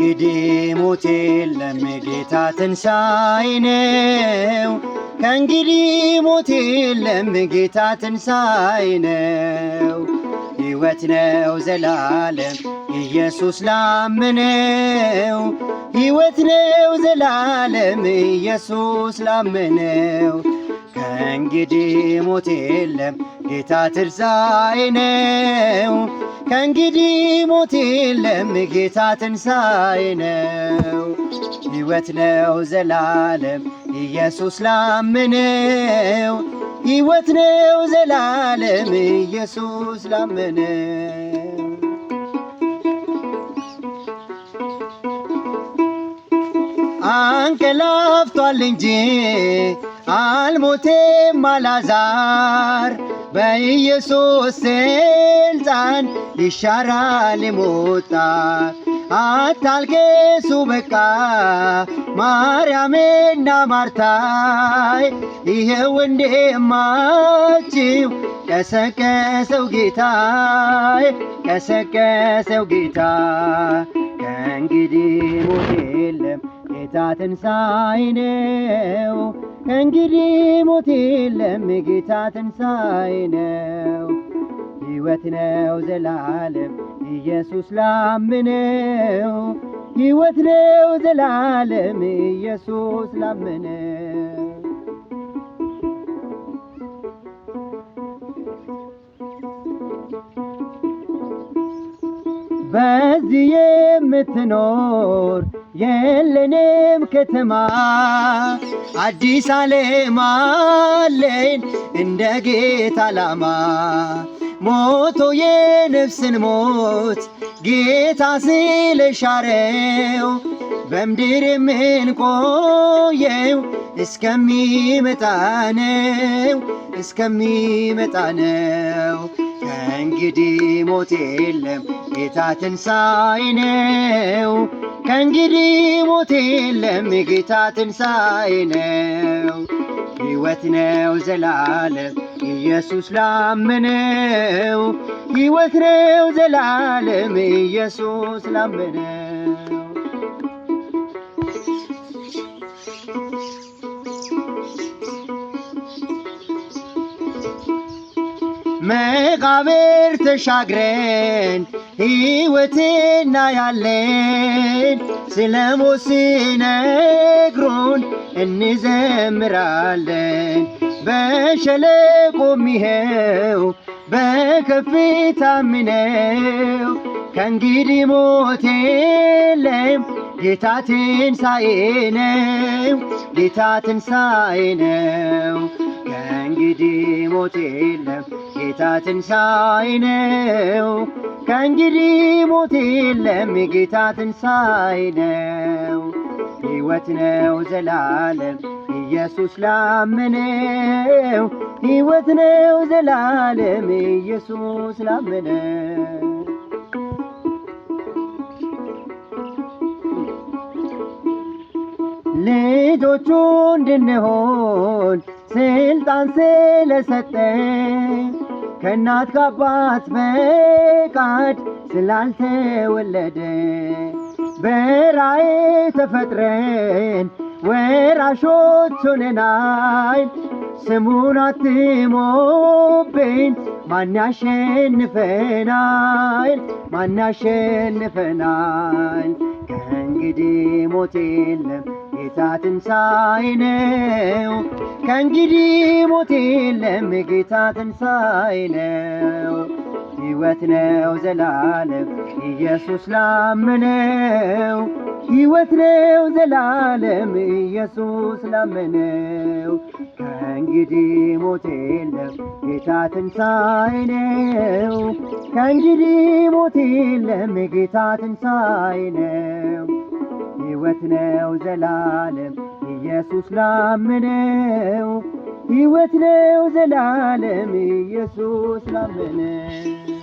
እንግዲህ ሞት የለም ጌታ ትንሣኤ ነው። ከእንግዲህ ሞት የለም ጌታ ትንሣኤ ነው። ሕይወት ነው ዘላለም ኢየሱስ ላመነው ሕይወት ነው ዘላለም ኢየሱስ ላመነው ከእንግዲህ ሞት የለም ጌታ ትንሣኤ ነው። ከእንግዲህ ሞት የለም ጌታ ትንሣኤ ነው፣ ሕይወት ነው ዘላለም ኢየሱስ ላመነው፣ ሕይወት ነው ዘላለም ኢየሱስ ላመነው። አንቀላፍቷል እንጂ አልሞቴም አላዛር በኢየሱስ ስልጣን ይሻራል ሞት አታልቅሱ በቃ ማርያምና ማርታይ ይሄ ወንድማችሁ ቀሰቀሰው ጌታይ ቀሰቀሰው ጌታ ከእንግዲህ ሞት የለም ጌታ ትንሣኤ ነው። እንግዲህ ሞት የለም ጌታ ትንሣኤ ነው፣ ሕይወት ነው ዘላለም ኢየሱስ ላምነው፣ ሕይወት ነው ዘላለም ኢየሱስ ላምነ በዚህ የምትኖር የለንም ከተማ አዲስ ዓለም አለን እንደ ጌታ ዓላማ ሞቶ የነፍስን ሞት ጌታ ስለሻረው በምድር የምንቆየው እስከሚመጣነው እስከሚመጣነው እስከሚመጣ ነው። ከእንግዲህ ሞት የለም ጌታ ትንሣኤ ነው። ከእንግዲህ ሞት የለም ጌታ ትንሣኤ ነው ሕይወት ነው ዘላለም ኢየሱስ ላመነው ሕይወት ነው ዘላለም ኢየሱስ ላመነው መቃብር ተሻግረን ሕይወትና ያለን ስለ ሞት ሲነግሩን እንዘምራለን። በሸለቆ ሚሄው በከፍታ ነው። ከእንግዲህ ሞት የለም፣ ጌታ ትንሣኤ ነው። ጌታ ትንሣኤ ነው። ከእንግዲህ ሞት የለም፣ ጌታ ትንሣኤ ነው። ከእንግዲህ ሞት የለም የጌታ ትንሣኤ ነው፣ ሕይወት ነው ዘላለም ኢየሱስ ላመነው፣ ሕይወት ነው ዘላለም ኢየሱስ ላመነው። ልጆቹ እንድንሆን ስልጣን ስለሰጠን ከእናት ከአባት በቃድ ስላልተወለደ በራእይ ተፈጥረን ወራሾች ሆነናል። ስሙን አትሞብን ማን ያሸንፈናል? ማን ያሸንፈናል? ከእንግዲህ ሞት የለም ጌታ ትንሣኤ ነው። ከእንግዲህ ሞት የለም፣ ጌታ ትንሣኤ ነው። ሕይወት ነው ዘላለም ኢየሱስ ላመነው። ሕይወት ነው ዘላለም ኢየሱስ ላመነው። ከእንግዲህ ሞት የለም፣ ጌታ ትንሣኤ ነው። ከእንግዲህ ሞት የለም፣ ጌታ ትንሣኤ ነው። ሕይወት ነው ዘላለም ኢየሱስ ላመነው ሕይወት ነው ዘላለም ኢየሱስ ላመነው